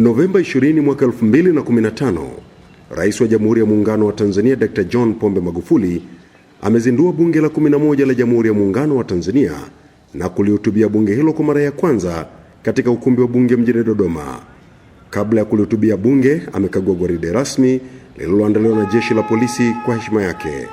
Novemba 20 mwaka 2015, Rais wa Jamhuri ya Muungano wa Tanzania Dr. John Pombe Magufuli amezindua Bunge la 11 la Jamhuri ya Muungano wa Tanzania na kulihutubia bunge hilo kwa mara ya kwanza katika ukumbi wa bunge mjini Dodoma. Kabla ya kulihutubia bunge, amekagua gwaride rasmi lililoandaliwa na Jeshi la Polisi kwa heshima yake.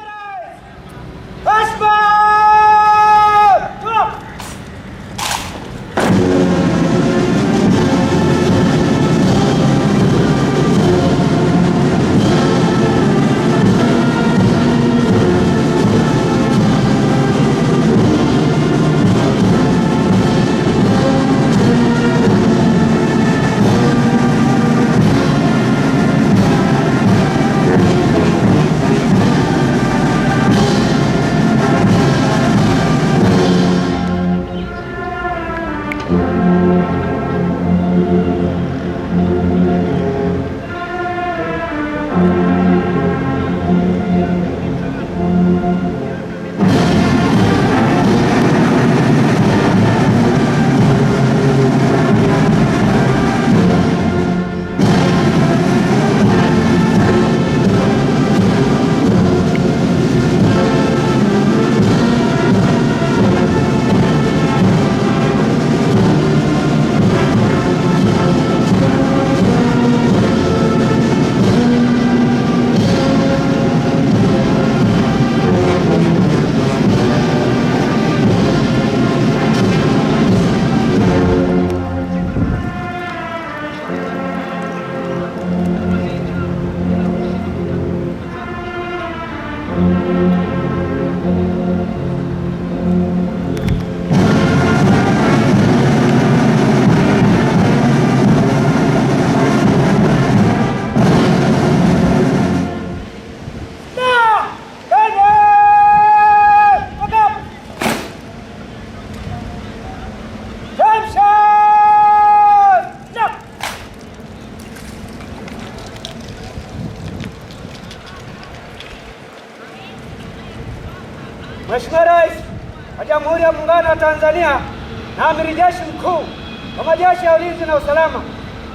ulinzi na usalama,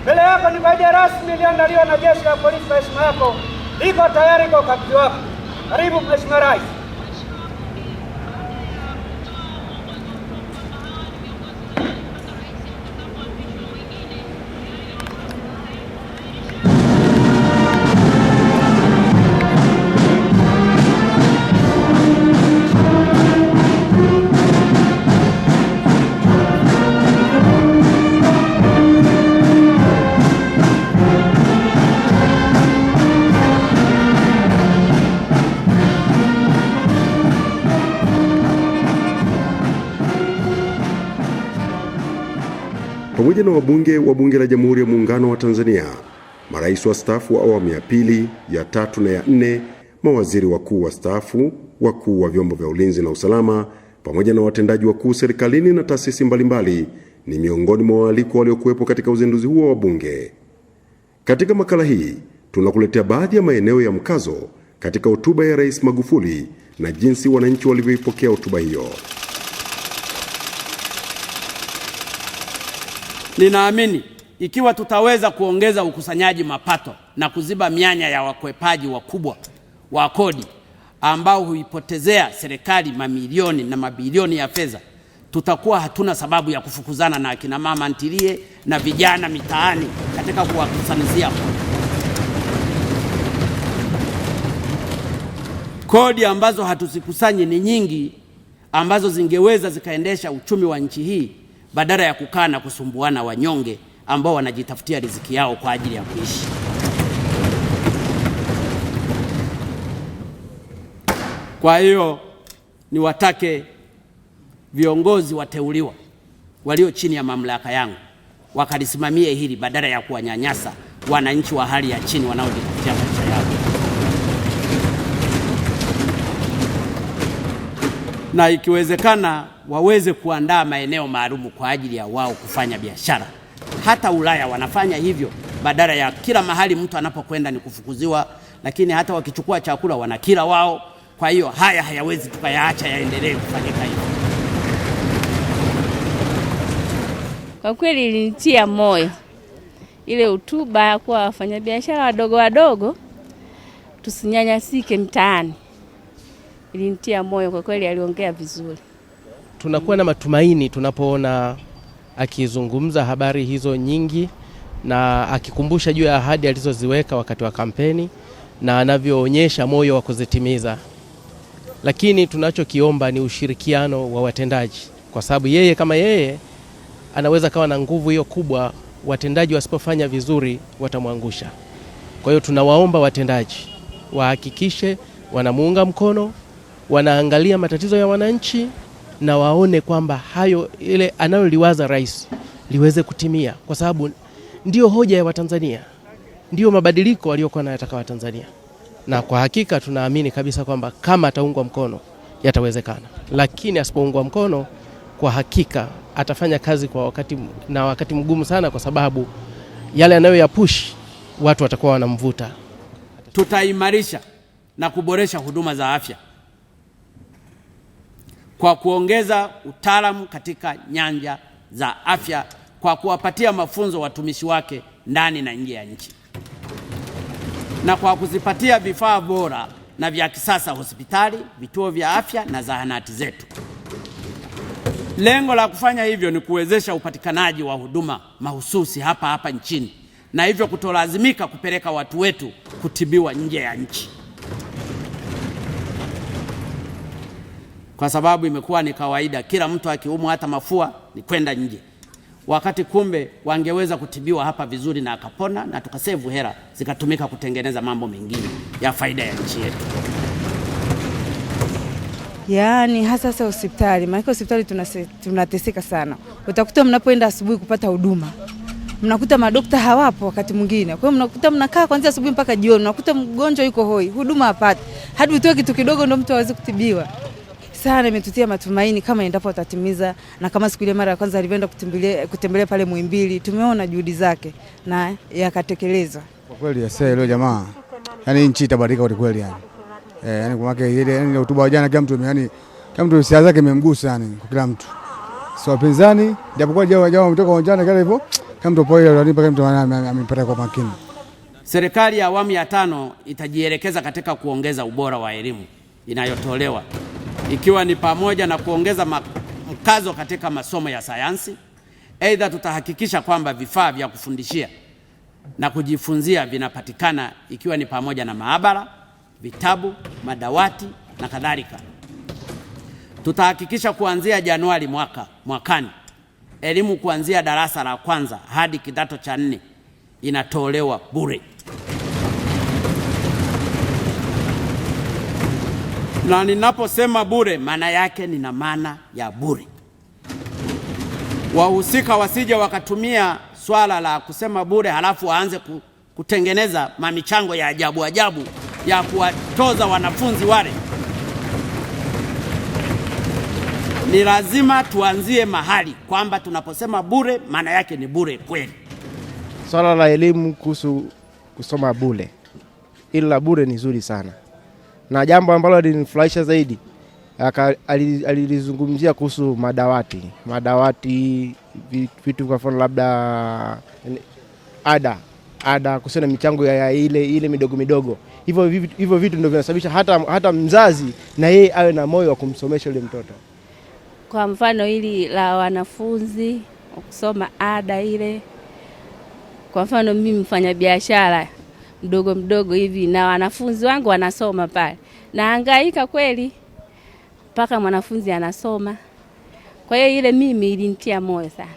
mbele yako ni baja rasmi iliyoandaliwa na jeshi la polisi. heshima yako iko tayari kwa ukabidhi wako. Karibu Mheshimiwa Rais. pamoja na wabunge wa Bunge la Jamhuri ya Muungano wa Tanzania, marais wa stafu wa awamu ya pili, ya tatu na ya nne, mawaziri wakuu wa stafu wakuu wa vyombo vya ulinzi na usalama, pamoja na watendaji wakuu serikalini na taasisi mbalimbali ni miongoni mwa waalikwa waliokuwepo katika uzinduzi huo wa Bunge. Katika makala hii tunakuletea baadhi ya maeneo ya mkazo katika hotuba ya Rais Magufuli na jinsi wananchi walivyoipokea hotuba hiyo. Ninaamini ikiwa tutaweza kuongeza ukusanyaji mapato na kuziba mianya ya wakwepaji wakubwa wa kodi ambao huipotezea serikali mamilioni na mabilioni ya fedha, tutakuwa hatuna sababu ya kufukuzana na akina mama ntilie na vijana mitaani katika kuwakusanyizia kodi ambazo hatuzikusanyi ni nyingi, ambazo zingeweza zikaendesha uchumi wa nchi hii badala ya kukaa na kusumbuana wanyonge ambao wanajitafutia riziki yao kwa ajili ya kuishi. Kwa hiyo niwatake viongozi wateuliwa walio chini ya mamlaka yangu wakalisimamie hili badala ya kuwanyanyasa wananchi wa hali ya chini wanaojitafutia na ikiwezekana waweze kuandaa maeneo maalumu kwa ajili ya wao kufanya biashara. Hata Ulaya wanafanya hivyo, badala ya kila mahali mtu anapokwenda ni kufukuziwa, lakini hata wakichukua chakula wanakila wao. Kwa hiyo haya hayawezi tukayaacha yaendelee kufanyika hivyo. Kwa kweli ilinitia moyo ile hotuba ya kuwa wafanyabiashara wadogo wadogo tusinyanyasike mtaani ilinitia moyo kwa kweli, aliongea vizuri. Tunakuwa na matumaini tunapoona akizungumza habari hizo nyingi na akikumbusha juu ya ahadi alizoziweka wakati wa kampeni na anavyoonyesha moyo wa kuzitimiza. Lakini tunachokiomba ni ushirikiano wa watendaji, kwa sababu yeye kama yeye anaweza kawa na nguvu hiyo kubwa, watendaji wasipofanya vizuri watamwangusha. Kwa hiyo tunawaomba watendaji wahakikishe wanamuunga mkono wanaangalia matatizo ya wananchi na waone kwamba hayo ile anayoliwaza rais liweze kutimia, kwa sababu ndio hoja ya Watanzania, ndio mabadiliko waliokuwa wanayataka Watanzania, na kwa hakika tunaamini kabisa kwamba kama ataungwa mkono yatawezekana, lakini asipoungwa mkono, kwa hakika atafanya kazi kwa wakati na wakati mgumu sana, kwa sababu yale anayoyapushi watu watakuwa wanamvuta. Tutaimarisha na kuboresha huduma za afya kwa kuongeza utaalamu katika nyanja za afya kwa kuwapatia mafunzo watumishi wake ndani na nje ya nchi na kwa kuzipatia vifaa bora na vya kisasa hospitali, vituo vya afya na zahanati zetu. Lengo la kufanya hivyo ni kuwezesha upatikanaji wa huduma mahususi hapa hapa nchini na hivyo kutolazimika kupeleka watu wetu kutibiwa nje ya nchi. kwa sababu imekuwa ni kawaida, kila mtu akiumwa hata mafua ni kwenda nje, wakati kumbe wangeweza kutibiwa hapa vizuri na akapona, na tukasevu hela zikatumika kutengeneza mambo mengine ya faida ya nchi yetu. Yaani hasa sasa hospitali, maana hospitali tunateseka sana. Utakuta mnapoenda asubuhi kupata huduma, mnakuta madokta hawapo wakati mwingine. Kwa hiyo mnakuta mnakaa kuanzia asubuhi mpaka jioni, mnakuta mgonjwa yuko hoi, huduma hapati. Hadi utoe kitu kidogo ndio mtu aweze kutibiwa sana, imetutia matumaini kama endapo atatimiza, na kama siku ile mara ya kwanza alivyoenda kutembelea pale Muhimbili, tumeona juhudi zake na yakatekelezwa kwa kweli. Yasee leo jamaa, yani nchi itabadilika kwa kweli yani. Eh, yani kwa maana ile yani hotuba ya jana, kila mtu yani kila mtu siasa zake imemgusa yani kwa kila mtu. sio wapinzani japokuwa jawa jawa mtoka jana kale hivyo, kama mtu poa ile analipa, kama mtu amepata kwa makini. Serikali ya awamu ya tano itajielekeza katika kuongeza ubora wa elimu inayotolewa ikiwa ni pamoja na kuongeza mkazo katika masomo ya sayansi. Aidha, tutahakikisha kwamba vifaa vya kufundishia na kujifunzia vinapatikana ikiwa ni pamoja na maabara, vitabu, madawati na kadhalika. Tutahakikisha kuanzia Januari mwaka mwakani elimu kuanzia darasa la kwanza hadi kidato cha nne inatolewa bure. na ninaposema bure, maana yake nina maana ya bure. Wahusika wasije wakatumia swala la kusema bure halafu waanze kutengeneza mamichango ya ajabu ajabu ya kuwatoza wanafunzi wale. Ni lazima tuanzie mahali kwamba tunaposema bure, maana yake ni bure kweli. Swala la elimu kuhusu kusoma bure, ila bure ni zuri sana na jambo ambalo alinifurahisha zaidi alilizungumzia kuhusu madawati madawati, vitu kwa mfano labda ada ada kuhusiana na michango ya ile ile midogo midogo, hivyo hivyo vitu ndio vinasababisha hata, hata mzazi na yeye awe na moyo wa kumsomesha yule mtoto. Kwa mfano hili la wanafunzi kusoma ada ile, kwa mfano mimi mfanya biashara mdogo mdogo hivi, na wanafunzi wangu wanasoma pale, naangaika kweli mpaka mwanafunzi anasoma. Kwa hiyo ile mimi ilinitia moyo sana,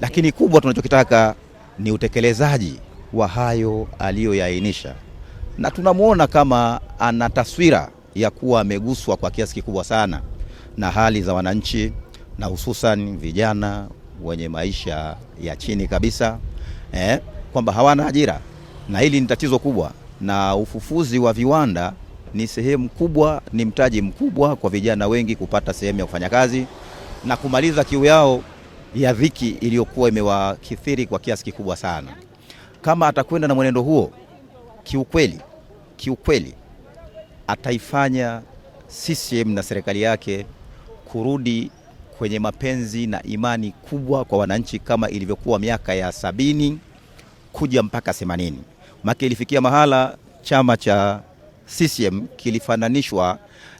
lakini kubwa tunachokitaka ni utekelezaji wa hayo aliyoyaainisha, na tunamwona kama ana taswira ya kuwa ameguswa kwa kiasi kikubwa sana na hali za wananchi na hususan vijana wenye maisha ya chini kabisa eh, kwamba hawana ajira na hili ni tatizo kubwa, na ufufuzi wa viwanda ni sehemu kubwa, ni mtaji mkubwa kwa vijana wengi kupata sehemu ya kufanya kazi na kumaliza kiu yao ya dhiki iliyokuwa imewakithiri kwa kiasi kikubwa sana. Kama atakwenda na mwenendo huo, kiukweli, kiukweli ataifanya CCM na serikali yake kurudi kwenye mapenzi na imani kubwa kwa wananchi kama ilivyokuwa miaka ya sabini kuja mpaka themanini. Maki ilifikia mahala chama cha CCM kilifananishwa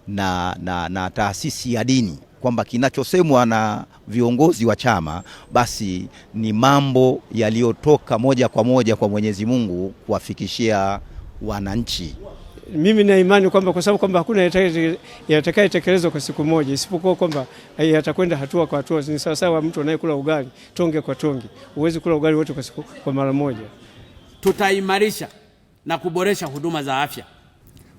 na, na, na taasisi ya dini kwamba kinachosemwa na viongozi wa chama basi ni mambo yaliyotoka moja kwa moja kwa Mwenyezi Mungu kuwafikishia wananchi. Mimi na imani kwamba kwa sababu kwamba hakuna yatakayetekelezwa kwa siku moja, isipokuwa kwamba eh, yatakwenda hatua kwa hatua. Ni sawasawa mtu anayekula ugali tonge kwa tonge, huwezi kula ugali wote kwa siku, kwa mara moja tutaimarisha na kuboresha huduma za afya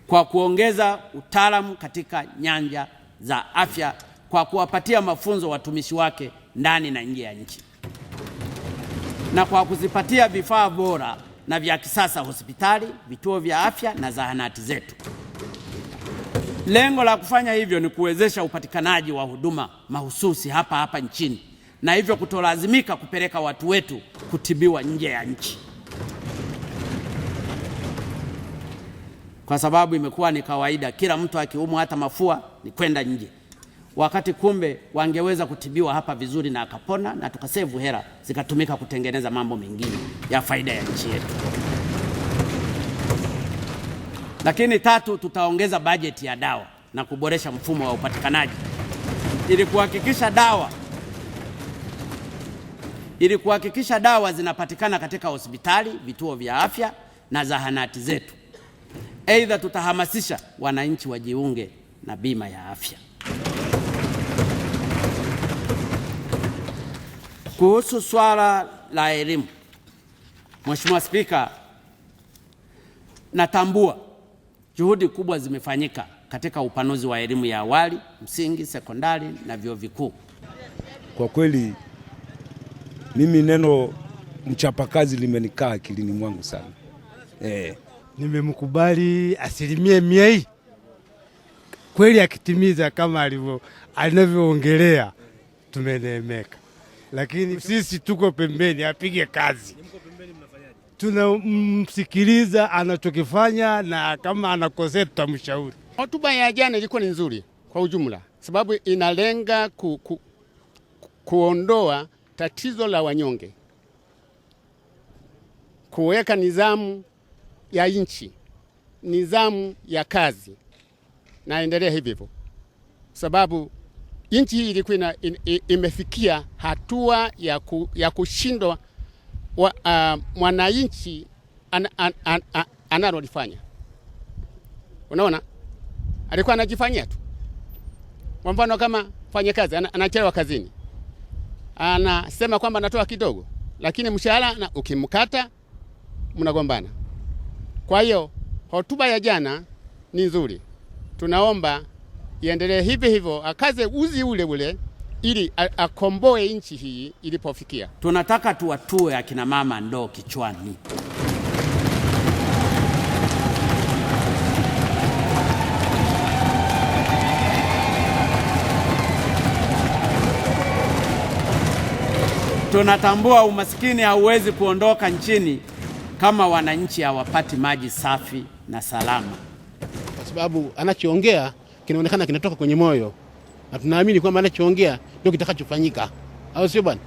kwa kuongeza utaalamu katika nyanja za afya kwa kuwapatia mafunzo watumishi wake ndani na nje ya nchi na kwa kuzipatia vifaa bora na vya kisasa hospitali, vituo vya afya na zahanati zetu. Lengo la kufanya hivyo ni kuwezesha upatikanaji wa huduma mahususi hapa hapa nchini na hivyo kutolazimika kupeleka watu wetu kutibiwa nje ya nchi. kwa sababu imekuwa ni kawaida, kila mtu akiumwa hata mafua ni kwenda nje, wakati kumbe wangeweza kutibiwa hapa vizuri na akapona, na tukasevu hela zikatumika kutengeneza mambo mengine ya faida ya nchi yetu. Lakini tatu, tutaongeza bajeti ya dawa na kuboresha mfumo wa upatikanaji ili kuhakikisha dawa ili kuhakikisha dawa zinapatikana katika hospitali, vituo vya afya na zahanati zetu. Aidha, tutahamasisha wananchi wajiunge na bima ya afya. Kuhusu swala la elimu, Mheshimiwa Spika, natambua juhudi kubwa zimefanyika katika upanuzi wa elimu ya awali, msingi, sekondari na vyuo vikuu. Kwa kweli mimi neno mchapakazi limenikaa akilini mwangu sana eh nimemkubali asilimia mia hii kweli, akitimiza kama alivyo anavyoongelea tumeneemeka, lakini sisi tuko pembeni, apige kazi, tunamsikiliza anachokifanya, na kama anakosea tutamshauri. Hotuba ya jana ilikuwa ni nzuri kwa ujumla, sababu inalenga ku, ku, kuondoa tatizo la wanyonge, kuweka nidhamu ya nchi, nidhamu ya kazi, naendelea hivi hivyo, sababu nchi hii ilikuwa imefikia hatua ya, ku, ya kushindwa uh, mwananchi an, an, an, an, analolifanya. Unaona, alikuwa anajifanyia tu. Kwa mfano kama kazi an, anachelewa kazini, anasema kwamba anatoa kidogo, lakini mshahara ukimkata mnagombana. Kwa hiyo hotuba ya jana ni nzuri, tunaomba iendelee hivi hivyo, akaze uzi ule ule ili akomboe nchi hii ilipofikia. Tunataka tuwatue akina mama ndoo kichwani. Tunatambua umasikini hauwezi kuondoka nchini kama wananchi hawapati maji safi na salama, kwa sababu anachoongea kinaonekana kinatoka kwenye moyo, na tunaamini kwamba anachoongea ndio kitakachofanyika, au sio bwana?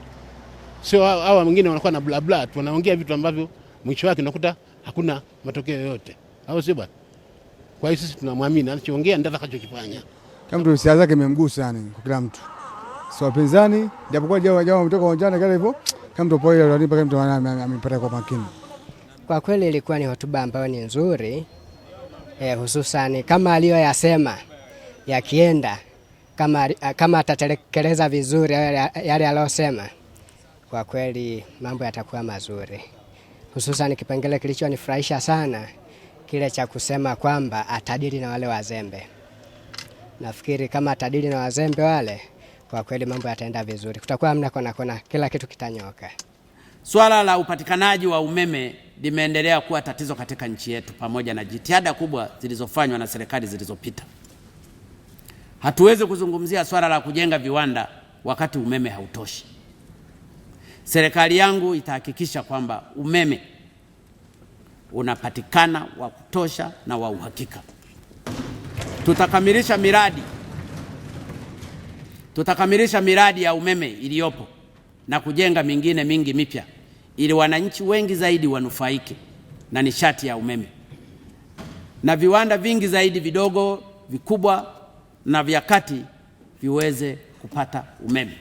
Sio hawa wengine wanakuwa na bla bla tu, wanaongea vitu ambavyo mwisho wake unakuta hakuna matokeo yoyote, au sio bwana? Kwa hiyo sisi tunamwamini anachoongea ndio atakachokifanya. Kama mtu siasa yake imemgusa yani kwa kila mtu, si wapinzani, japokuwa jao jao ametoka uwanjani kale hivyo, kama mtu poa ile alipaka mtu amepata kwa makini. Kwa kweli ilikuwa ni hotuba ambayo ni nzuri eh, hususan kama aliyoyasema yakienda kama, eh, kama atatekeleza vizuri yale aliyosema, kwa kweli mambo yatakuwa mazuri, hususan kipengele kilichonifurahisha sana kile cha kusema kwamba atadili na wale wazembe. Nafikiri kama atadili na wazembe wale, kwa kweli mambo yataenda vizuri, kutakuwa mna kona kona, kila kitu kitanyoka. Swala la upatikanaji wa umeme limeendelea kuwa tatizo katika nchi yetu, pamoja na jitihada kubwa zilizofanywa na serikali zilizopita. Hatuwezi kuzungumzia swala la kujenga viwanda wakati umeme hautoshi. Serikali yangu itahakikisha kwamba umeme unapatikana wa kutosha na wa uhakika. Tutakamilisha miradi tutakamilisha miradi ya umeme iliyopo na kujenga mingine mingi mipya ili wananchi wengi zaidi wanufaike na nishati ya umeme na viwanda vingi zaidi vidogo, vikubwa na vya kati viweze kupata umeme.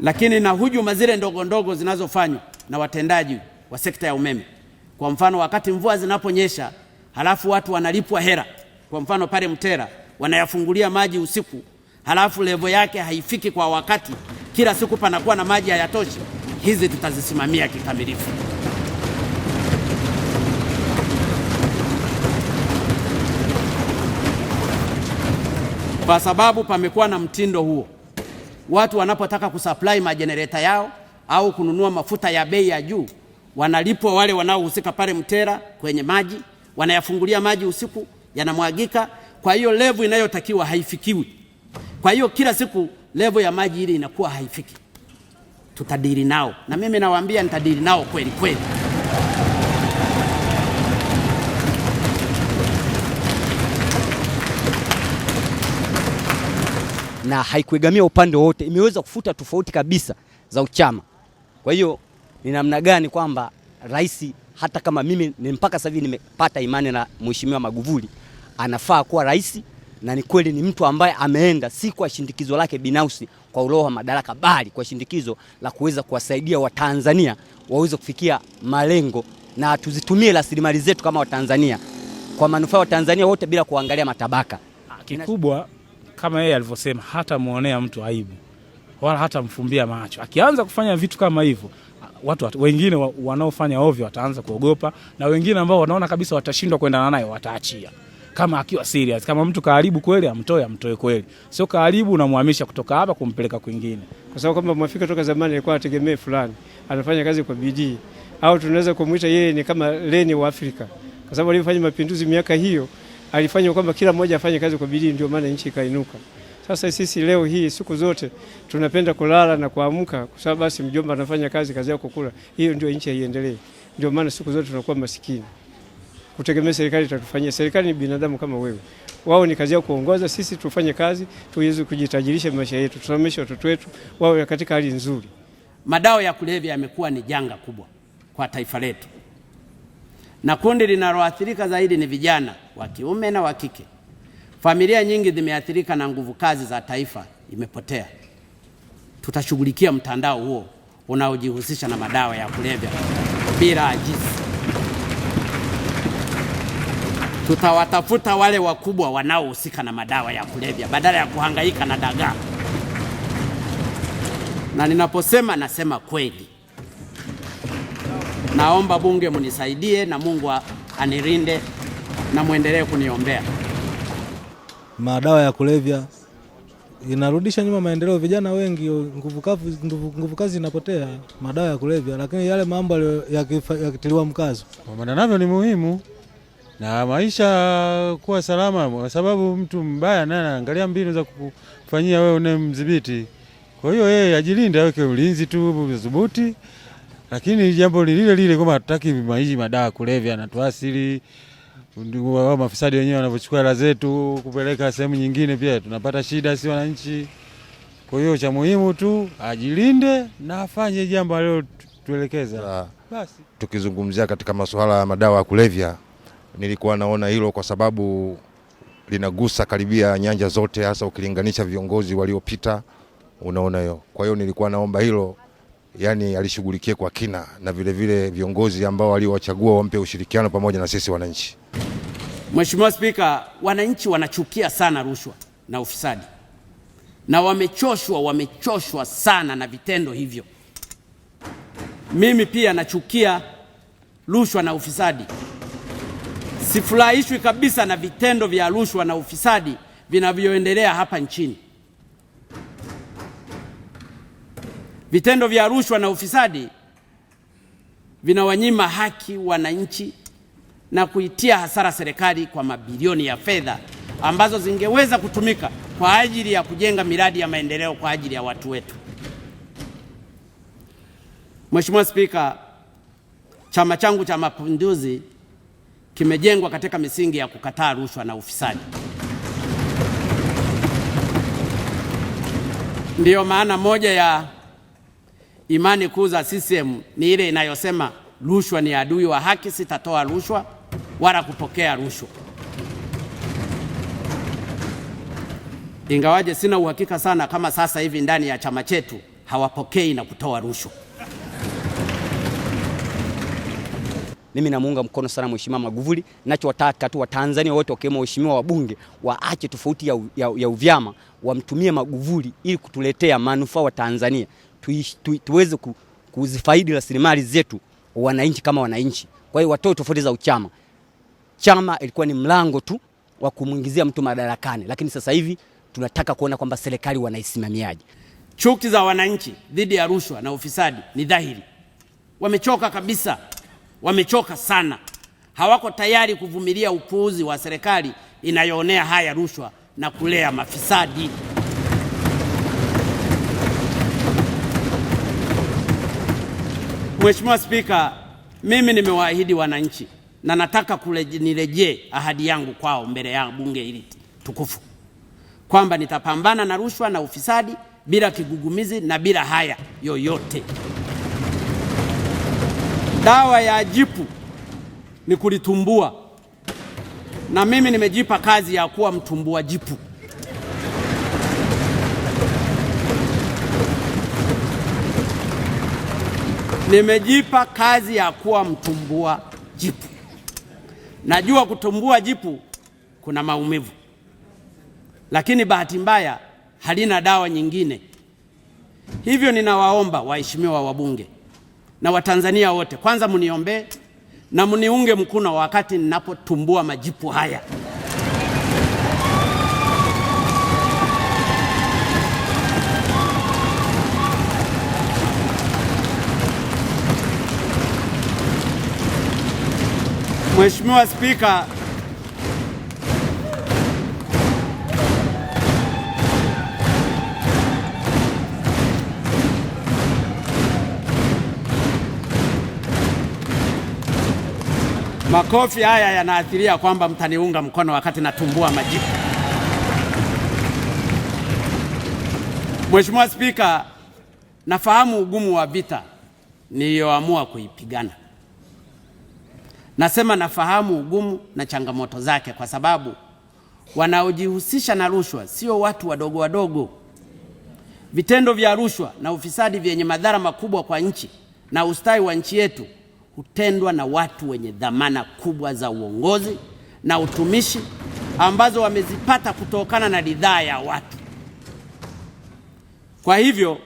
Lakini na hujuma zile ndogo ndogo zinazofanywa na watendaji wa sekta ya umeme, kwa mfano wakati mvua zinaponyesha, halafu watu wanalipwa hera. Kwa mfano pale Mtera wanayafungulia maji usiku, halafu levo yake haifiki kwa wakati, kila siku panakuwa na maji hayatoshi hizi tutazisimamia kikamilifu. Kwa sababu pamekuwa na mtindo huo, watu wanapotaka kusupply majenereta yao au kununua mafuta ya bei ya juu, wanalipwa wale wanaohusika pale Mtera kwenye maji, wanayafungulia maji usiku, yanamwagika. Kwa hiyo levu inayotakiwa haifikiwi. Kwa hiyo kila siku levu ya maji ile inakuwa haifiki tutadili nao, na mimi nawaambia nitadili nao kweli kweli. na haikuegamia upande wowote, imeweza kufuta tofauti kabisa za uchama. Kwa hiyo ni namna gani kwamba rais, hata kama mimi mpaka sasa hivi nimepata imani na mheshimiwa Magufuli, anafaa kuwa rais na ni kweli ni mtu ambaye ameenda si kwa shindikizo lake binafsi kwa uroho wa madaraka, bali kwa shindikizo la kuweza kuwasaidia Watanzania waweze kufikia malengo, na tuzitumie rasilimali zetu kama Watanzania kwa manufaa ya Tanzania wote bila kuangalia matabaka. Ah, kikubwa kama yeye alivyosema, hata muonea mtu aibu wala hata mfumbia macho. Akianza kufanya vitu kama hivyo, ah, watu wengine wanaofanya ovyo wataanza kuogopa, na wengine ambao wanaona kabisa watashindwa kuendana naye wataachia kama akiwa serious, kama mtu kaharibu kweli, amtoe amtoe kweli, sio kaharibu unamhamisha kutoka hapa kumpeleka kwingine, kwa sababu kama Mwafrika toka zamani alikuwa ategemee fulani anafanya kazi kwa bidii, au tunaweza kumwita yeye ni kama leni wa Afrika, kwa sababu alifanya mapinduzi miaka hiyo, alifanya kwamba kila mmoja afanye kazi kwa bidii, ndio maana nchi ikainuka. Sasa sisi leo hii siku zote tunapenda kulala na kuamka, kwa sababu basi mjomba anafanya kazi, kazi yako kula. Hiyo ndio nchi haiendelee, ndio maana siku zote tunakuwa masikini kutegemea serikali itatufanyia. Serikali ni binadamu kama wewe, wao ni kazi yao kuongoza, sisi tufanye kazi tuweze kujitajirisha maisha yetu, tusomeshe watoto wetu wawe katika hali nzuri. Madawa ya kulevya yamekuwa ni janga kubwa kwa taifa letu, na kundi linaloathirika zaidi ni vijana wa kiume na wa kike. Familia nyingi zimeathirika na nguvu kazi za taifa imepotea. Tutashughulikia mtandao huo unaojihusisha na madawa ya kulevya bila ajizi tutawatafuta wale wakubwa wanaohusika na madawa ya kulevya badala ya kuhangaika na dagaa. Na ninaposema nasema kweli. Naomba bunge mnisaidie na Mungu anirinde na mwendelee kuniombea. Madawa ya kulevya inarudisha nyuma maendeleo, vijana wengi nguvu kazi, nguvu kazi inapotea madawa ya kulevya, lakini yale mambo yakitiliwa mkazo, maana navyo ni muhimu na maisha kuwa salama, kwa sababu mtu mbaya naye anaangalia mbinu za kufanyia wewe unemdhibiti. Kwa hiyo yeye ajilinde, aweke ulinzi tu dhubuti, lakini jambo lile lile kwamba hatutaki maiji madawa kulevya na tuasili wao mafisadi wenyewe wanavyochukua hela zetu kupeleka sehemu nyingine, pia tunapata shida si wananchi. Kwa hiyo cha muhimu tu ajilinde na afanye jambo alilotuelekeza basi. Tukizungumzia katika masuala ya madawa ya kulevya nilikuwa naona hilo kwa sababu linagusa karibia nyanja zote, hasa ukilinganisha viongozi waliopita, unaona hiyo. Kwa hiyo nilikuwa naomba hilo yani alishughulikie kwa kina, na vilevile vile viongozi ambao waliowachagua wampe ushirikiano pamoja na sisi wananchi. Mheshimiwa Spika, wananchi wanachukia sana rushwa na ufisadi, na wamechoshwa, wamechoshwa sana na vitendo hivyo. Mimi pia nachukia rushwa na ufisadi. Sifurahishwi kabisa na vitendo vya rushwa na ufisadi vinavyoendelea hapa nchini. Vitendo vya rushwa na ufisadi vinawanyima haki wananchi na kuitia hasara serikali kwa mabilioni ya fedha ambazo zingeweza kutumika kwa ajili ya kujenga miradi ya maendeleo kwa ajili ya watu wetu. Mheshimiwa Spika, chama changu cha Mapinduzi kimejengwa katika misingi ya kukataa rushwa na ufisadi. Ndiyo maana moja ya imani kuu za CCM ni ile inayosema rushwa ni adui wa haki, sitatoa rushwa wala kupokea rushwa. Ingawaje sina uhakika sana kama sasa hivi ndani ya chama chetu hawapokei na kutoa rushwa. Mimi namuunga mkono sana Mheshimiwa Magufuli. Ninachotaka tu Watanzania wote wakiwemo waheshimiwa wabunge waache tofauti ya, ya, ya uvyama, wamtumie Magufuli ili kutuletea manufaa wa Tanzania tu, tu, tuweze ku, kuzifaidi rasilimali zetu wananchi kama wananchi. Kwa hiyo watoe tofauti za uchama. Chama ilikuwa ni mlango tu wa kumwingizia mtu madarakani, lakini sasa hivi tunataka kuona kwamba serikali wanaisimamiaje. Chuki za wananchi dhidi ya rushwa na ufisadi ni dhahiri, wamechoka kabisa wamechoka sana, hawako tayari kuvumilia upuuzi wa serikali inayoonea haya rushwa na kulea mafisadi. Mheshimiwa Spika, mimi nimewaahidi wananchi na nataka nirejee ahadi yangu kwao mbele ya bunge hili tukufu kwamba nitapambana na rushwa na ufisadi bila kigugumizi na bila haya yoyote. Dawa ya jipu ni kulitumbua, na mimi nimejipa kazi ya kuwa mtumbua jipu. Nimejipa kazi ya kuwa mtumbua jipu. Najua kutumbua jipu kuna maumivu, lakini bahati mbaya halina dawa nyingine. Hivyo ninawaomba waheshimiwa wabunge na Watanzania wote, kwanza mniombee na mniunge mkono wakati ninapotumbua majipu haya. Mheshimiwa Spika Makofi haya yanaathiria kwamba mtaniunga mkono wakati natumbua majibu. Mheshimiwa Spika, nafahamu ugumu wa vita niliyoamua kuipigana. Nasema nafahamu ugumu na changamoto zake kwa sababu wanaojihusisha na rushwa sio watu wadogo wadogo. Vitendo vya rushwa na ufisadi vyenye madhara makubwa kwa nchi na ustawi wa nchi yetu hutendwa na watu wenye dhamana kubwa za uongozi na utumishi ambazo wamezipata kutokana na ridhaa ya watu. Kwa hivyo,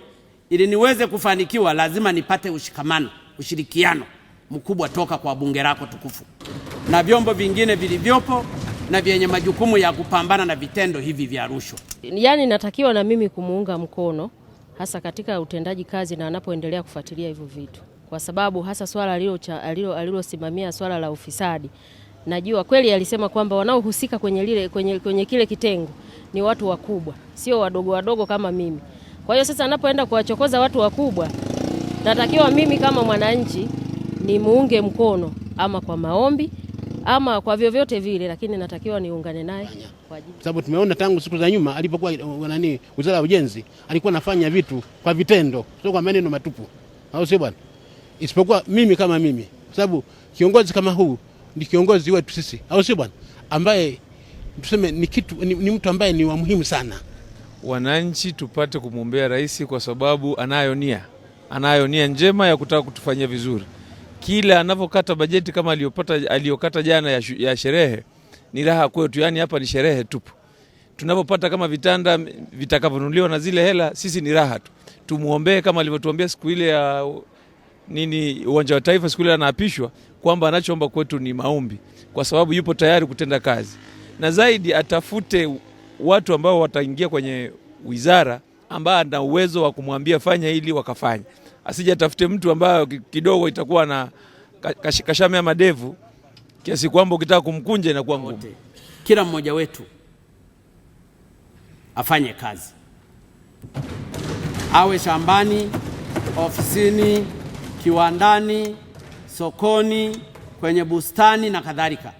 ili niweze kufanikiwa, lazima nipate ushikamano, ushirikiano mkubwa toka kwa bunge lako tukufu na vyombo vingine vilivyopo na vyenye majukumu ya kupambana na vitendo hivi vya rushwa. Yaani natakiwa na mimi kumuunga mkono hasa katika utendaji kazi na anapoendelea kufuatilia hivyo vitu kwa sababu hasa swala alilosimamia swala la ufisadi, najua kweli alisema kwamba wanaohusika kwenye, lile, kwenye, kwenye kile kitengo ni watu wakubwa, sio wadogo wadogo kama mimi. Kwa hiyo sasa anapoenda kuwachokoza watu wakubwa, natakiwa mimi kama mwananchi ni muunge mkono ama kwa maombi ama kwa vyovyote vile, lakini natakiwa niungane naye kwa sababu tumeona tangu siku za nyuma alipokuwa uh, uh, nani wizara ya ujenzi alikuwa anafanya vitu kwa vitendo, sio kwa maneno matupu, au sio bwana? isipokuwa mimi kama mimi, kwa sababu kiongozi kama huu ni kiongozi wetu sisi, au sio bwana, ambaye tuseme ni kitu ni, ni mtu ambaye ni wa muhimu sana. Wananchi tupate kumwombea rais, kwa sababu anayo nia, anayo nia njema ya kutaka kutufanyia vizuri. Kila anavyokata bajeti kama aliyopata aliyokata jana ya, ya sherehe ni raha kwetu, yaani hapa ni sherehe tupu. Tunavyopata kama vitanda vitakavyonunuliwa na zile hela, sisi ni raha tu. Tumwombee kama alivyotuambia siku ile ya nini uwanja wa Taifa siku ile anaapishwa kwamba anachoomba kwetu ni maombi, kwa sababu yupo tayari kutenda kazi, na zaidi atafute watu ambao wataingia kwenye wizara ambaye ana uwezo wa kumwambia fanya ili wakafanya, asije atafute mtu ambayo kidogo itakuwa na kashamea madevu kiasi kwamba ukitaka kumkunja inakuwa ngumu. Kila mmoja wetu afanye kazi, awe shambani, ofisini kiwandani, sokoni, kwenye bustani na kadhalika,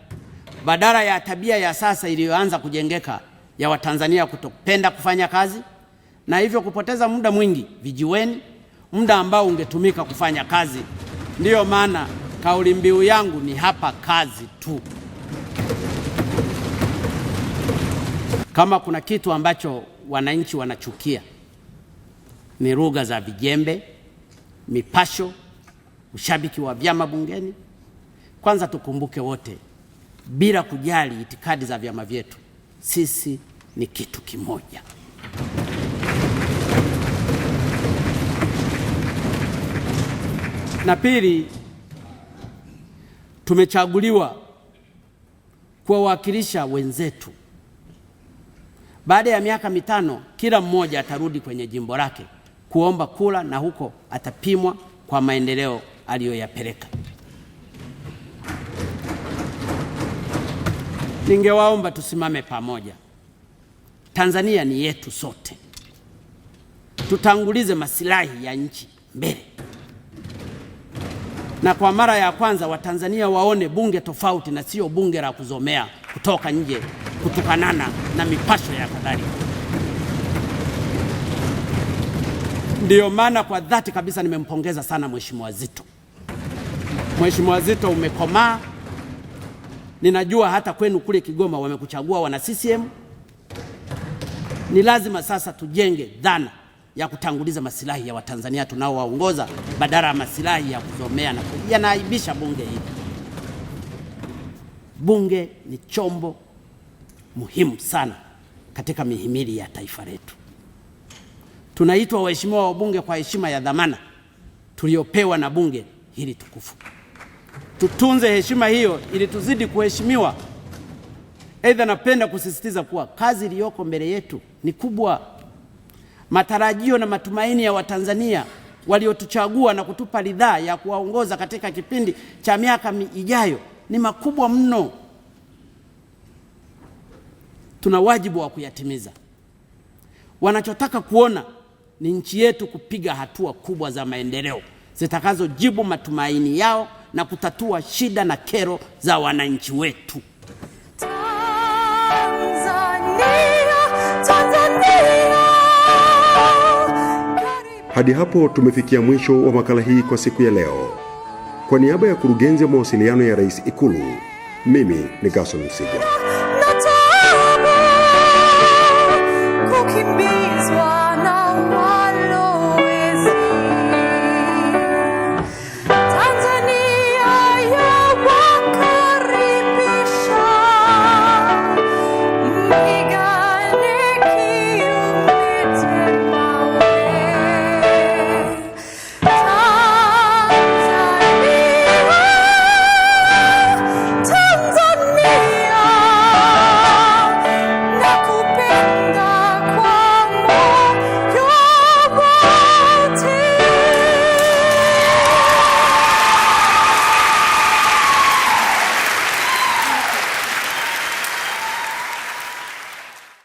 badala ya tabia ya sasa iliyoanza kujengeka ya Watanzania kutopenda kufanya kazi na hivyo kupoteza muda mwingi vijiweni, muda ambao ungetumika kufanya kazi. Ndiyo maana kauli mbiu yangu ni hapa kazi tu. Kama kuna kitu ambacho wananchi wanachukia ni lugha za vijembe, mipasho ushabiki wa vyama bungeni. Kwanza tukumbuke wote, bila kujali itikadi za vyama vyetu, sisi ni kitu kimoja. Na pili, tumechaguliwa kuwawakilisha wenzetu. Baada ya miaka mitano, kila mmoja atarudi kwenye jimbo lake kuomba kura na huko atapimwa kwa maendeleo aliyoyapeleka. Ningewaomba tusimame pamoja. Tanzania ni yetu sote, tutangulize masilahi ya nchi mbele. Na kwa mara ya kwanza Watanzania waone bunge tofauti na sio bunge la kuzomea kutoka nje, kutukanana na mipasho ya kadhalika. Ndiyo maana kwa dhati kabisa nimempongeza sana Mheshimiwa Zitto. Mheshimiwa Zito umekomaa. Ninajua hata kwenu kule Kigoma wamekuchagua wana CCM. Ni lazima sasa tujenge dhana ya kutanguliza masilahi ya Watanzania tunaowaongoza badala ya masilahi ya kuzomea na yanaaibisha bunge hili. Bunge ni chombo muhimu sana katika mihimili ya taifa letu. Tunaitwa waheshimiwa wabunge kwa heshima ya dhamana tuliyopewa na bunge hili tukufu tutunze heshima hiyo ili tuzidi kuheshimiwa. Aidha, napenda kusisitiza kuwa kazi iliyoko mbele yetu ni kubwa. Matarajio na matumaini ya Watanzania waliotuchagua na kutupa ridhaa ya kuwaongoza katika kipindi cha miaka ijayo ni makubwa mno. Tuna wajibu wa kuyatimiza. Wanachotaka kuona ni nchi yetu kupiga hatua kubwa za maendeleo zitakazojibu matumaini yao na kutatua shida na kero za wananchi wetu. Hadi hapo tumefikia mwisho wa makala hii kwa siku ya leo. Kwa niaba ya kurugenzi ya mawasiliano ya Rais Ikulu, mimi ni Gaston Msigwa.